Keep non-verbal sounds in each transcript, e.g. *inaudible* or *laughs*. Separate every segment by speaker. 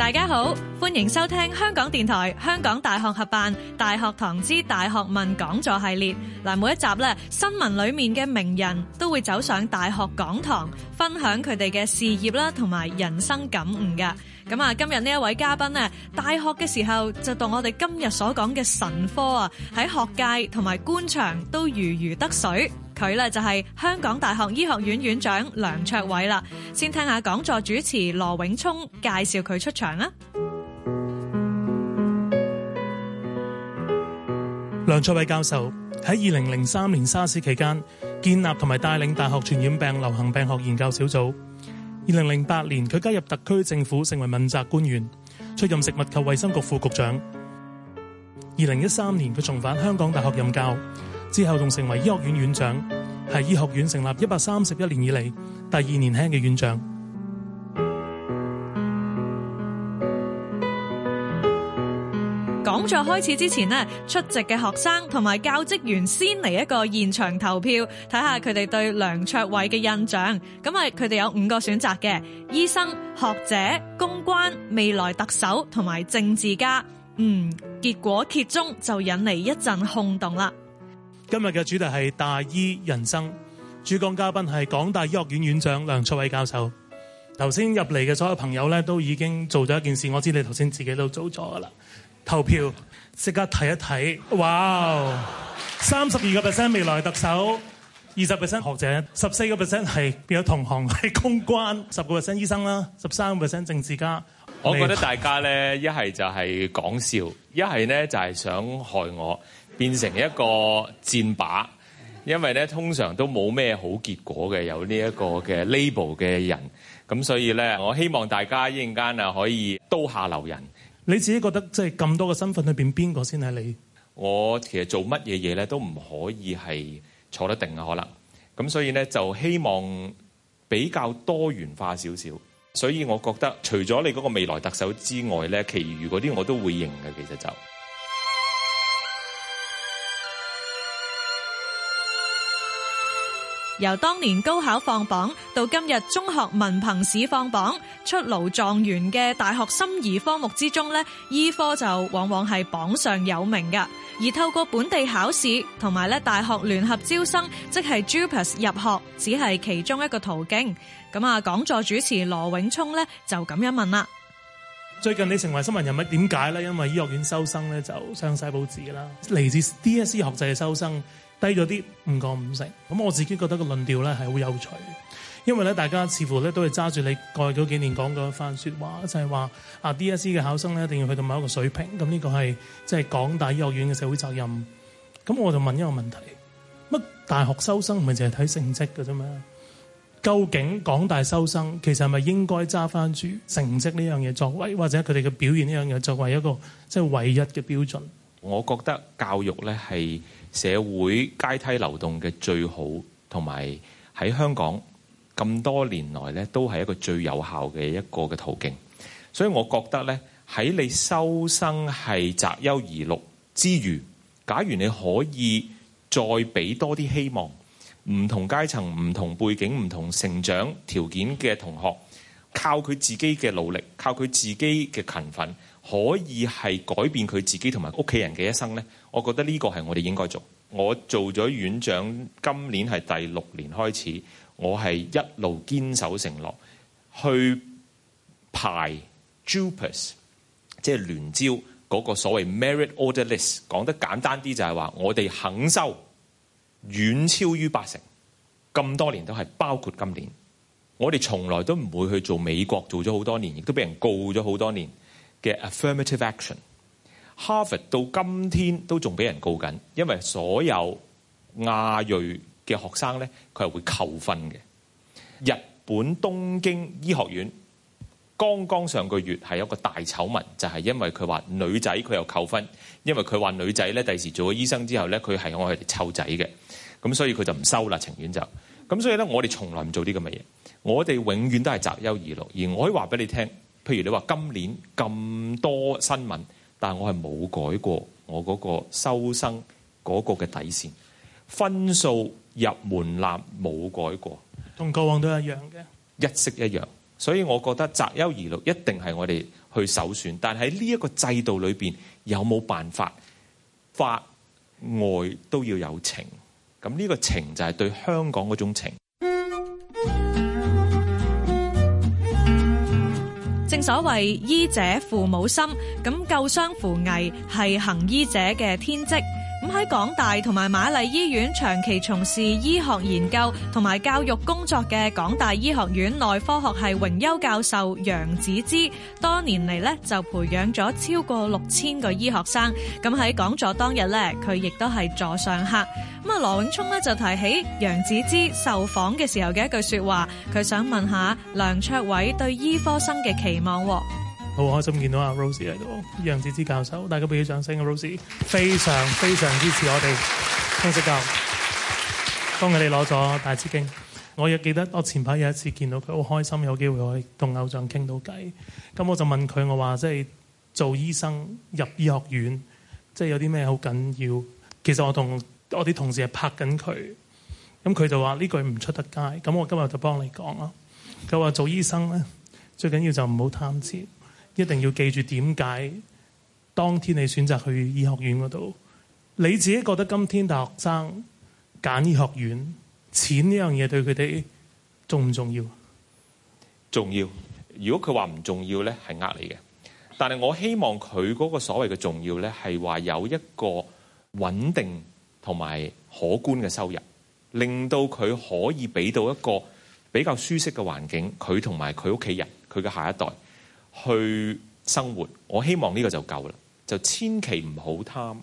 Speaker 1: 大家好，歡迎收聽香港電台香港大學合辦《大學堂之大學問》講座系列。嗱，每一集咧，新聞裏面嘅名人都會走上大學講堂，分享佢哋嘅事業啦，同埋人生感悟噶。咁啊，今日呢一位嘉賓咧，大學嘅時候就讀我哋今日所講嘅神科啊，喺學界同埋官場都如魚得水。佢呢就係香港大學醫學院院長梁卓偉啦，先聽下講座主持羅永聰介紹佢出場啊。
Speaker 2: 梁卓偉教授喺二零零三年沙士期間建立同埋帶領大學傳染病流行病學研究小組。二零零八年佢加入特區政府，成為問責官員，出任食物及衛生局副局長。二零一三年佢重返香港大學任教。之後仲成為醫學院院長，係醫學院成立一百三十一年以嚟第二年輕嘅院長。
Speaker 1: 講座開始之前呢，出席嘅學生同埋教職員先嚟一個現場投票，睇下佢哋對梁卓偉嘅印象。咁啊，佢哋有五個選擇嘅醫生、學者、公關、未來特首同埋政治家。嗯，結果揭盅就引嚟一陣轟動啦。
Speaker 2: 今日嘅主題係大醫人生，主講嘉賓係港大醫學院院長梁卓偉教授。頭先入嚟嘅所有朋友咧，都已經做咗一件事，我知你頭先自己都做咗噶啦。投票，即刻睇一睇，哇，wow，三十二個 percent 未來特首，二十 percent 學者，十四個 percent 係變咗同行，係公關，十個 percent 醫生啦，十三個 percent 政治家。我覺得
Speaker 3: 大家咧，一係就係講笑，一係咧就係想害我。變成一個戰靶，因為咧通常都冇咩好結果嘅有呢一個嘅 label 嘅人，咁所以咧我希望大家一陣間啊可以刀下留人。
Speaker 2: 你自己覺得即係咁多個身份裏邊邊個先係你？
Speaker 3: 我其實做乜嘢嘢咧都唔可以係坐得定嘅可能，咁所以咧就希望比較多元化少少。所以我覺得除咗你嗰個未來特首之外咧，其餘嗰啲我都會認嘅，其實
Speaker 1: 就。由當年高考放榜到今日中學文憑試放榜出爐狀元嘅大學心儀科目之中呢，醫科就往往係榜上有名嘅。而透過本地考試同埋咧大學聯合招生，即係 JUPAS 入學，只係其中一個途徑。咁啊，講座主持羅永聰呢就咁樣問啦。
Speaker 2: 最近你成為新聞人物，點解呢？因為醫學院收生呢就上晒報紙啦，嚟自 DSE 學制嘅收生。低咗啲唔過五成，咁我自己覺得個論調咧係好有趣，因為咧大家似乎咧都係揸住你過去嗰幾年講過一番說話，就係話啊 DSE 嘅考生咧一定要去到某一個水平，咁呢個係即係港大醫學院嘅社會責任。咁我就問一個問題：乜大學收生唔係淨係睇成績嘅啫嘛？究竟港大收生其實係咪應該揸翻住成績呢樣嘢作為，或者佢哋嘅表現呢樣嘢作為一個即係、就是、唯一嘅標準？
Speaker 3: 我覺得教育咧係。社會階梯流動嘅最好同埋喺香港咁多年來咧，都係一個最有效嘅一個嘅途徑。所以我覺得咧，喺你收生係擇優而錄之餘，假如你可以再畀多啲希望唔同階層、唔同背景、唔同成長條件嘅同學。靠佢自己嘅努力，靠佢自己嘅勤奮，可以係改變佢自己同埋屋企人嘅一生咧。我覺得呢個係我哋應該做。我做咗院長，今年係第六年開始，我係一路堅守承諾去排 j u p u s 即係聯招那個所謂 merit order list。講得簡單啲就係話我哋肯收遠超於八成，咁多年都係包括今年。我哋從來都唔會去做美國做咗好多年，亦都俾人告咗好多年嘅 affirmative action。Harvard 到今天都仲俾人告緊，因為所有亞裔嘅學生呢，佢係會扣分嘅。日本東京醫學院剛剛上個月係有個大醜聞，就係、是、因為佢話女仔佢又扣分，因為佢話女仔呢第時做咗醫生之後呢，佢係愛佢哋湊仔嘅，咁所以佢就唔收啦，情願就咁。所以呢，我哋從來唔做呢咁嘅嘢。我哋永遠都係擇優而錄，而我可以話俾你聽，譬如你話今年咁多新聞，但係我係冇改過我嗰個收生嗰個嘅底線，分數入門檻冇改過，
Speaker 2: 同過往都一樣嘅，
Speaker 3: 一式一樣。所以我覺得擇優而錄一定係我哋去首選，但喺呢一個制度裏邊有冇辦法法外都要有情，咁呢個情就係對香港嗰種情。
Speaker 1: 正所謂醫者父母心，咁救傷扶危係行醫者嘅天職。咁喺港大同埋瑪麗醫院長期從事醫學研究同埋教育工作嘅港大醫學院內科學系榮休教授楊子芝多年嚟，呢就培養咗超過六千個醫學生。咁喺講座當日呢，佢亦都係座上客。咁啊，羅永聰呢就提起楊子芝受訪嘅時候嘅一句說話，佢想問下梁卓偉對醫科生嘅期望。
Speaker 2: 好開心見到阿 Rosie 喺度，楊紫芝教授，大家俾啲掌聲阿、啊、Rosie 非常非常支持我哋。康石教，恭喜你攞咗大紫荊。我亦記得我前排有一次見到佢，好開心有機會可以同偶像傾到偈。咁我就問佢，我話即係做醫生入醫學院，即係有啲咩好緊要？其實我同我啲同事係拍緊佢，咁佢就話呢句唔出得街。咁我今日就幫你講啦。佢話做醫生咧，最緊要就唔好貪錢。一定要記住點解當天你選擇去醫學院嗰度，你自己覺得今天大學生揀醫學院，錢呢樣嘢對佢哋重唔重要？
Speaker 3: 重要。如果佢話唔重要，呢係呃你嘅。但係我希望佢嗰個所謂嘅重要，呢係話有一個穩定同埋可觀嘅收入，令到佢可以俾到一個比較舒適嘅環境，佢同埋佢屋企人，佢嘅下一代。去生活，我希望呢個就夠啦，就千祈唔好貪，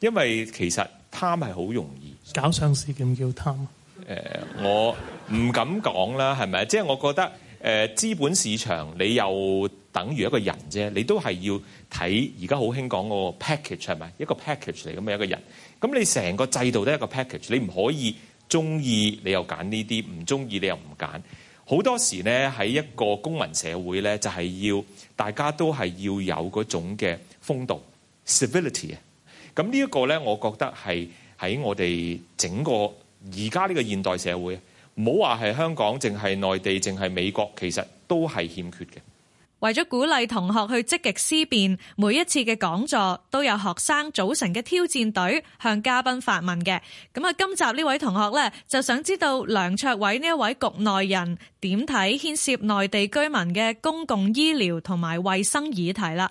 Speaker 3: 因為其實貪係好容易。
Speaker 2: 搞上市叫唔叫貪啊？誒，
Speaker 3: 我唔敢講啦，係咪？即係我覺得誒，資本市場你又等於一個人啫，你都係要睇而家好興講嗰個 package 係咪一個 package 嚟咁嘅一個人？咁你成個制度都係一個 package，你唔可以中意你又揀呢啲，唔中意你又唔揀。好多時咧喺一個公民社會咧，就係、是、要大家都係要有嗰種嘅風度 （civility）。咁呢一個咧，我覺得係喺我哋整個而家呢個現代社會，唔好話係香港，淨係內地，淨係美國，其實都係欠缺嘅。
Speaker 1: 為咗鼓勵同學去積極思辨，每一次嘅講座都有學生組成嘅挑戰隊向嘉賓發問嘅。咁啊，今集呢位同學咧就想知道梁卓偉呢一位局內人點睇牽涉內地居民嘅公共醫療同埋衛生議題啦。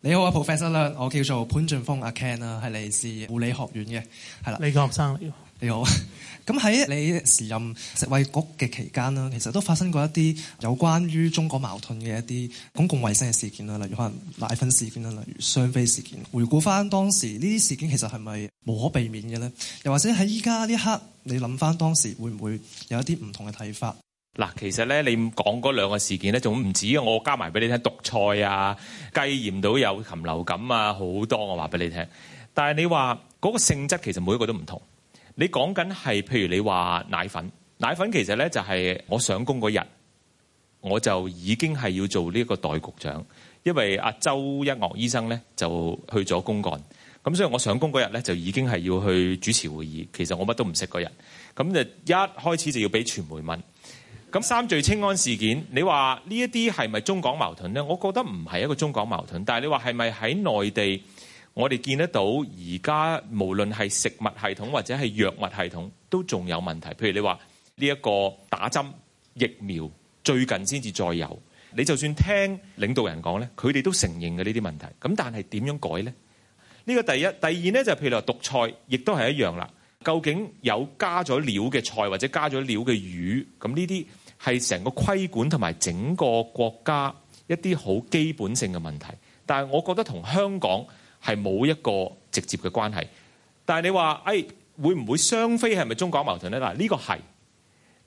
Speaker 2: 你好啊，Professor 啦，我叫做潘俊峰，阿 Ken 啊，係嚟自護理學院嘅，係啦。你個學生你好。咁喺你時任食衞局嘅期間啦，其實都發生過一啲有關於
Speaker 3: 中國矛盾嘅一啲公共衛生嘅事件啦，例如可能奶粉事件啦，例如雙非事件。回顧翻當時呢啲事件，其實係咪無可避免嘅咧？又或者喺依家呢一刻，你諗翻當時會唔會有一啲唔同嘅睇法？嗱，其實咧，你講嗰兩個事件咧，仲唔止我，我加埋俾你聽，毒菜啊，雞染到有禽流感啊，好多我話俾你聽。但係你話嗰個性質，其實每一個都唔同。你講緊係，譬如你話奶粉，奶粉其實咧就係、是、我上工嗰日，我就已經係要做呢個個代局長，因為阿周一嶽醫生咧就去咗公幹，咁所以我上工嗰日咧就已經係要去主持會議，其實我乜都唔識嗰日，咁就一開始就要俾傳媒問。咁三聚氰胺事件，你話呢一啲係咪中港矛盾呢？我覺得唔係一個中港矛盾，但係你話係咪喺內地？我哋見得到而家無論係食物系統或者係藥物系統都仲有問題。譬如你話呢一個打針疫苗最近先至再有，你就算聽領導人講咧，佢哋都承認嘅呢啲問題。咁但係點樣改呢？呢、呢個第一、第二呢，就係、譬如話毒菜，亦都係一樣啦。究竟有加咗料嘅菜或者加咗料嘅魚，咁呢啲係成個規管同埋整個國家一啲好基本性嘅問題。但係我覺得同香港。係冇一個直接嘅關係，但係你話誒、哎、會唔會雙非係咪中港矛盾呢？嗱、這、呢個係，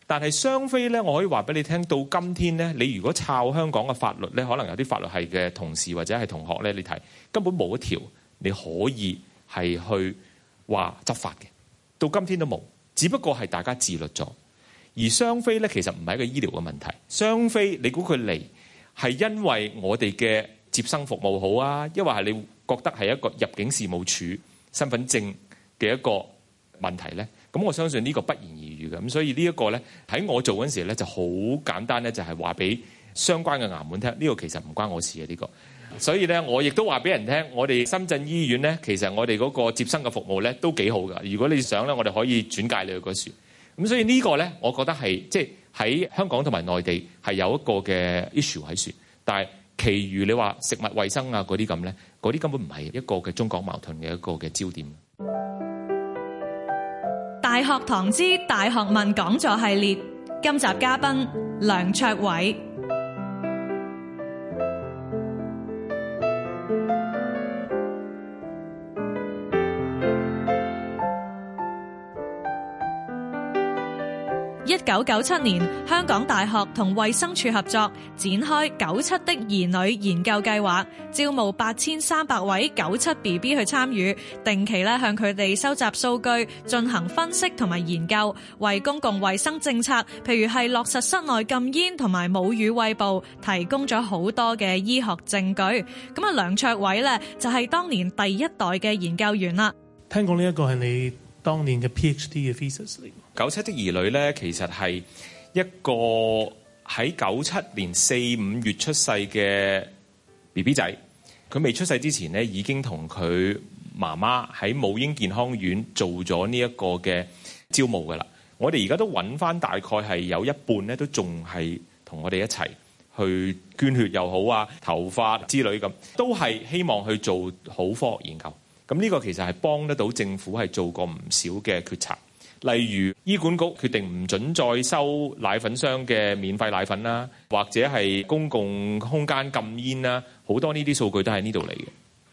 Speaker 3: 但係雙非呢，我可以話俾你聽到今天呢，你如果抄香港嘅法律呢，可能有啲法律系嘅同事或者係同學呢，你睇根本冇一條你可以係去話執法嘅，到今天都冇，只不過係大家自律咗。而雙非呢，其實唔係一個醫療嘅問題，雙非你估佢嚟係因為我哋嘅。接生服務好啊，抑或係你覺得係一個入境事務處身份證嘅一個問題咧？咁我相信呢個不言而喻嘅。咁所以呢一個咧，喺我做嗰陣時咧就好簡單咧，就係話俾相關嘅衙門聽，呢個其實唔關我事嘅呢個。所以咧，我亦都話俾人聽，我哋深圳醫院咧，其實我哋嗰個接生嘅服務咧都幾好噶。如果你想咧，我哋可以轉介你去嗰處。咁所以呢個咧，我覺得係即係喺香港同埋內地係有一個嘅 issue 喺處，但係。其餘你話食物衛生啊嗰啲咁咧，嗰啲根本唔係一個嘅中國矛盾嘅一個嘅焦點。
Speaker 1: 大學堂之大學問講座系列，今集嘉賓梁卓偉。一九九七年，香港大學同衛生署合作展開九七的兒女研究計劃，招募八千三百位九七 BB 去參與，定期咧向佢哋收集數據，進行分析同埋研究，為公共衛生政策，譬如係落實室內禁煙同埋母乳餵哺，提供咗好多嘅醫學證據。咁啊，梁卓偉咧，就係當年第一代嘅研究員啦。
Speaker 2: 聽講呢一個係你。當年嘅 PhD 嘅 research，
Speaker 3: 九七的兒女咧，其實係一個喺九七年四五月出世嘅 B B 仔。佢未出世之前咧，已經同佢媽媽喺母嬰健康院做咗呢一個嘅招募噶啦。我哋而家都揾翻，大概係有一半咧，都仲係同我哋一齊去捐血又好啊，頭髮之類咁，都係希望去做好科學研究。咁、這、呢個其實係幫得到政府係做過唔少嘅決策，例如醫管局決定唔准再收奶粉商嘅免費奶粉啦，或者係公共空間禁煙啦，好多呢啲數據都喺呢度嚟
Speaker 2: 嘅。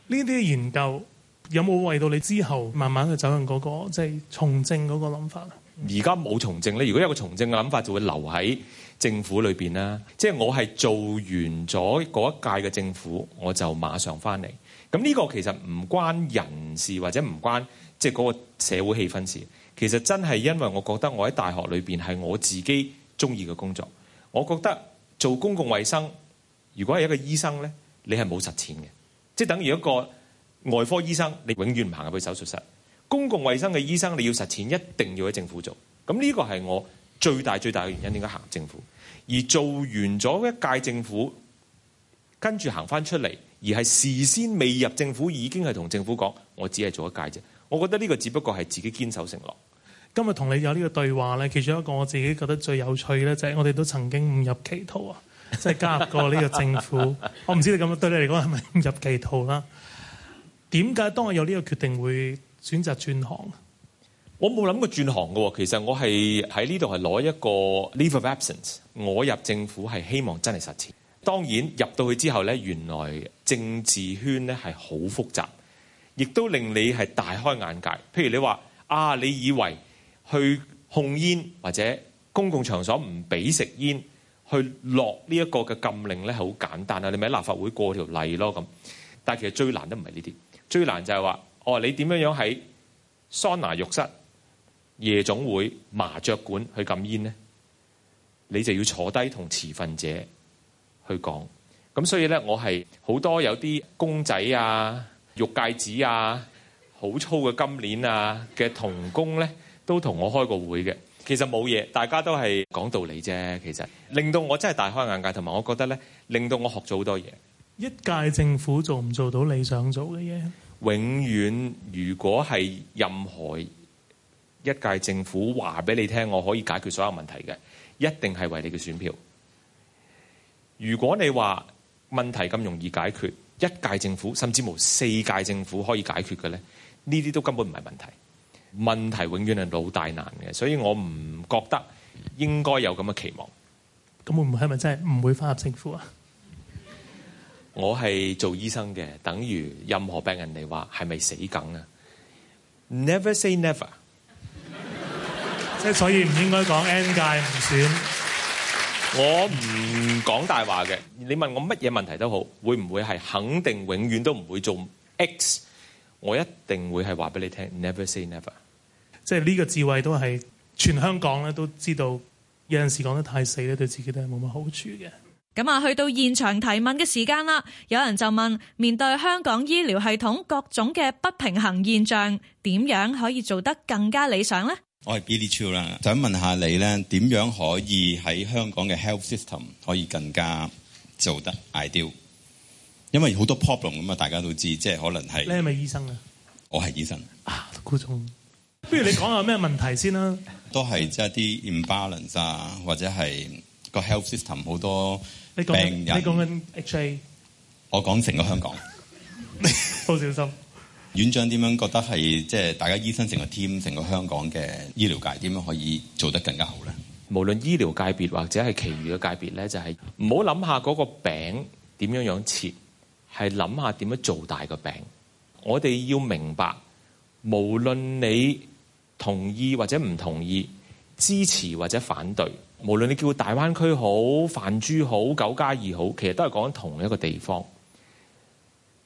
Speaker 2: 呢啲研究有冇為到你之後慢慢去走向嗰、那個，即係從政嗰個諗法？
Speaker 3: 而家冇從政咧，如果有個從政嘅諗法，就會留喺政府裏面啦。即、就、係、是、我係做完咗嗰一屆嘅政府，我就馬上翻嚟。咁呢個其實唔關人事或者唔關即嗰、就是、個社會氣氛事，其實真係因為我覺得我喺大學裏面係我自己中意嘅工作。我覺得做公共衛生，如果係一個醫生呢，你係冇實踐嘅，即等於一個外科醫生，你永遠唔行入去手術室。公共衛生嘅醫生，你要實踐，一定要喺政府做。咁呢個係我最大最大嘅原因，應該行政府。而做完咗一屆政府，跟住行翻出嚟，而係事先未入政府，已經係同政府講，我只係做一屆啫。我覺得呢個只不過係自己堅守承諾。
Speaker 2: 今日同你有呢個對話呢，其中一個我自己覺得最有趣呢，就係我哋都曾經誤入歧途啊，即係加入過呢個政府。 *laughs* 我唔知你咁樣對你嚟講係咪誤入歧途啦？點解當我有呢個決定會選擇轉行？
Speaker 3: 我冇諗過轉行噶，其實我係喺呢度係攞一個 leave of absence，我入政府係希望真係實踐。當然入到去之後呢，原來政治圈呢係好複雜，亦都令你係大開眼界。譬如你話啊，你以為去控煙或者公共場所唔俾食煙，去落呢一個嘅禁令呢，好簡單啊。你咪喺立法會過條例咯咁。但係其實最難都唔係呢啲，最難就係話哦，你點樣樣喺桑拿浴室、夜總會、麻雀館去禁煙呢？你就要坐低同持份者，去講，咁所以呢，我係好多有啲公仔啊、玉戒指啊、好粗嘅金鏈啊嘅童工呢，都同我開過會嘅。其實冇嘢，大家都係講道理啫。其實令到我真係大開眼界，同埋我覺得呢，令到我學咗好多嘢。
Speaker 2: 一屆政府做唔做到你想做嘅嘢？
Speaker 3: 永遠，如果係任何一屆政府話俾你聽，我可以解決所有問題嘅，一定係為你嘅選票。如果你話問題咁容易解決，一屆政府甚至冇四屆政府可以解決嘅咧，呢啲都根本唔係問題。問題永遠係老大難嘅，所以我唔覺得應該有咁嘅期望。
Speaker 2: 咁會唔會係咪真係唔會返入政府啊？
Speaker 3: 我係做醫生嘅，等於任何病人嚟話係咪死梗啊
Speaker 2: ？Never say never。即係所以唔應該講 N 屆唔選。我唔
Speaker 3: 講大話嘅，你問我乜嘢問題都好，會唔會係肯定永遠都唔會做 X？我一定會係話俾你聽，Never say never。
Speaker 2: 即係呢個智慧都係全香港咧都知道，有陣時講得太細咧，對自己都係冇乜好處
Speaker 1: 嘅。咁啊，去到現場提問嘅時間啦，有人就問：面對香港醫療系統各種嘅不平衡現象，點樣可以做得更加理想呢？
Speaker 3: 我係 Billy Chu 啦，想問下你咧點樣可以喺香港嘅 health system 可以更加做得 ideal？因為好多 problem 咁啊，大家都知，即係可能係。
Speaker 2: 你係咪醫生啊？
Speaker 3: 我係醫生。
Speaker 2: 啊，估中，不如你講下咩問題先啦？ *laughs*
Speaker 3: 都係即係一啲 imbalance 啊，或者係個 health system 好多病人。你講
Speaker 2: 緊 HA？
Speaker 3: 我講成個香港。
Speaker 2: 你好 *laughs* *laughs* 小心。
Speaker 3: 院長點樣覺得係即係大家醫生成個 team 成個香港嘅醫療界點樣可以做得更加好咧？無論醫療界別或者係其餘嘅界別咧，就係唔好諗下嗰個餅點樣樣切，係諗下點樣做大個餅。我哋要明白，無論你同意或者唔同意，支持或者反對，無論你叫大灣區好、泛珠好、九加二好，其實都係講緊同一個地方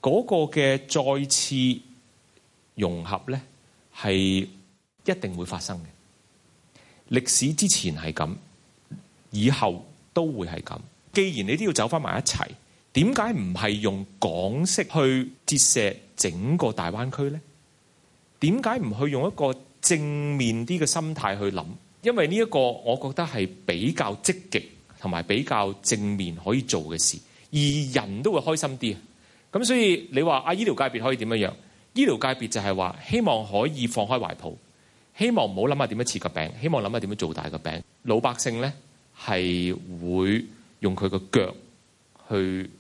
Speaker 3: 嗰個嘅再次。融合呢，係一定會發生嘅，歷史之前係咁，以後都會係咁。既然你都要走翻埋一齊，點解唔係用港式去折射整個大灣區呢？點解唔去用一個正面啲嘅心態去諗？因為呢一個我覺得係比較積極同埋比較正面可以做嘅事，而人都會開心啲。咁所以你話啊，醫療界別可以點樣樣？醫療界別就係話，希望可以放開懷抱，希望唔好諗下點樣切個餅，希望諗下點樣做大個餅。老百姓呢係會用佢個腳去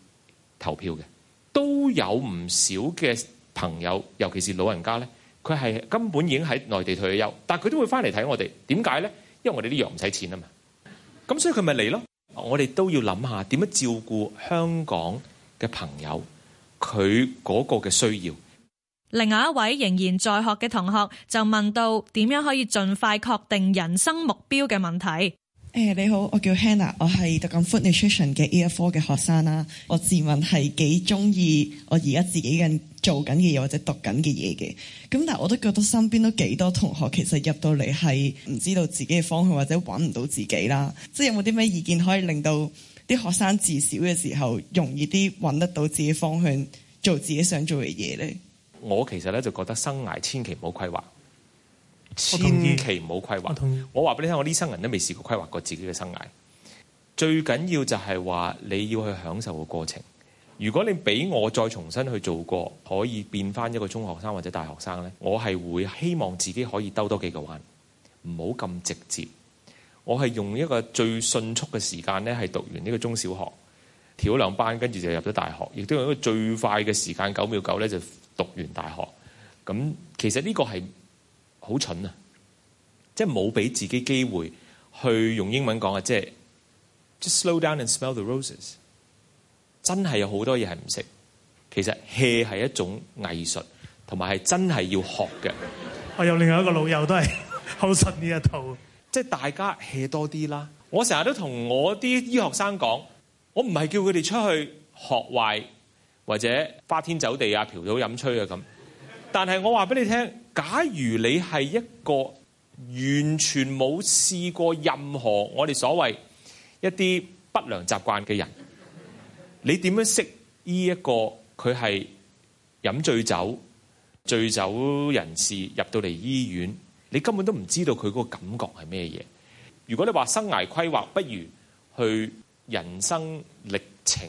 Speaker 3: 投票嘅，都有唔少嘅朋友，尤其是老人家呢，佢係根本已經喺內地退休，但佢都會翻嚟睇我哋。點解呢？因為我哋啲藥唔使錢啊嘛。咁所以佢咪嚟咯。我哋都要諗下點樣照顧香港嘅朋友，佢嗰個嘅需要。
Speaker 1: 另外一位仍然在學嘅同學就問到點樣可以盡快確定人生目標嘅問題。誒、hey，你好，我叫 Hannah，我係讀緊 Food Nutrition 嘅 A 科嘅學生啦。我自問係幾中意我而家自己嘅做緊嘅嘢或者讀
Speaker 3: 緊嘅嘢嘅。咁但係我都覺得身邊都幾多同學其實入到嚟係唔知道自己嘅方向或者揾唔到自己啦。即係有冇啲咩意見可以令到啲學生自小嘅時候容易啲揾得到自己嘅方向，做自己想做嘅嘢咧？我其實咧就覺得生涯千祈唔好規劃，千祈唔好規劃。我話俾你聽，我呢生人都未試過規劃過自己嘅生涯。最緊要就係話你要去享受個過程。如果你俾我再重新去做過，可以變翻一個中學生或者大學生呢，我係會希望自己可以兜多幾個彎，唔好咁直接。我係用一個最迅速嘅時間呢，係讀完呢個中小學跳兩班，跟住就入咗大學，亦都用一個最快嘅時間九秒九呢。就。讀完大學，咁其實呢個係好蠢啊！即係冇俾自己機會去用英文講嘅，即係，just slow down and smell the roses。真係有好多嘢係唔識。其實，hea 係一種藝術，同埋係真係要學嘅。
Speaker 2: 我有另外一個老友都係好信呢一套，
Speaker 3: 即係大家 hea 多啲啦。我成日都同我啲醫學生講，我唔係叫佢哋出去學壞，或者花天酒地啊、嫖賭飲吹啊咁，但係我話俾你聽，假如你係一個完全冇試過任何我哋所謂一啲不良習慣嘅人，你點樣識呢一個佢係飲醉酒、醉酒人士入到嚟醫院你根本都唔知道佢嗰個感覺係咩嘢。如果你話生涯規劃，不如去人生歷程。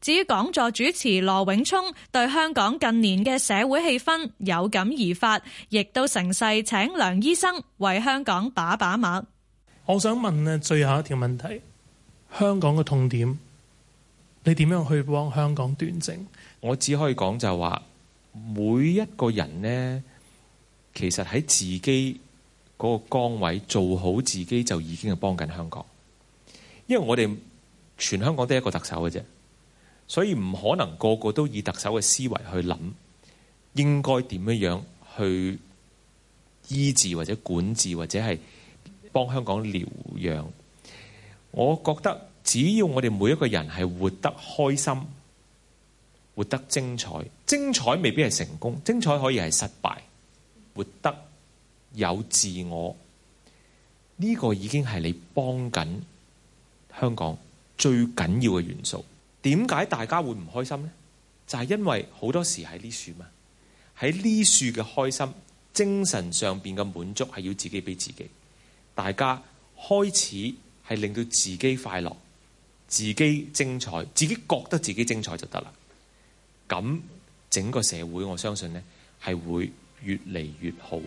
Speaker 1: 至於講座主持羅永聰對香港近年嘅社會氣氛有感而發，亦都成世請梁醫生為香港把把脈。
Speaker 2: 我想問呢，最後一條問題，香港嘅痛點，你點樣去幫香港端正？
Speaker 3: 我只可以講就話，每一個人呢，其實喺自己嗰個崗位做好自己就已經係幫緊香港，因為我哋全香港得一個特首嘅啫。所以唔可能個個都以特首嘅思維去諗應該點樣樣去醫治，或者管治，或者係幫香港療養，我覺得只要我哋每一個人係活得開心、活得精彩，精彩未必係成功，精彩可以係失敗，活得有自我，呢個已經係你幫緊香港最緊要嘅元素。點解大家會唔開心呢？就係因為好多時喺呢樹嘛，喺呢樹嘅開心、精神上邊嘅滿足係要自己俾自己。大家開始係令到自己快樂、自己精彩、自己覺得自己精彩就得啦。咁整個社會，我相信呢係會越嚟越好。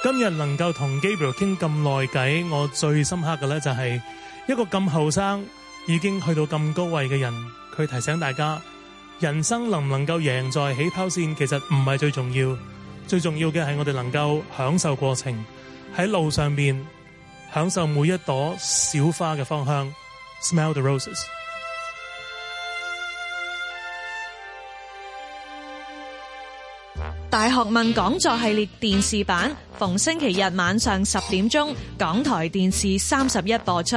Speaker 2: 今日能夠同 Gabriel 傾咁耐偈，我最深刻嘅咧就係一個咁後生，已經去到咁高位嘅人，佢提醒大家，人生能唔能夠贏在起跑線，其實唔係最重要，最重要嘅係我哋能夠享受過程，喺路上面享受每一朵小花嘅芳香，smell the roses。
Speaker 1: 《大學問》講座系列電視版，逢星期日晚上十點鐘，港台電視
Speaker 4: 三十一播出。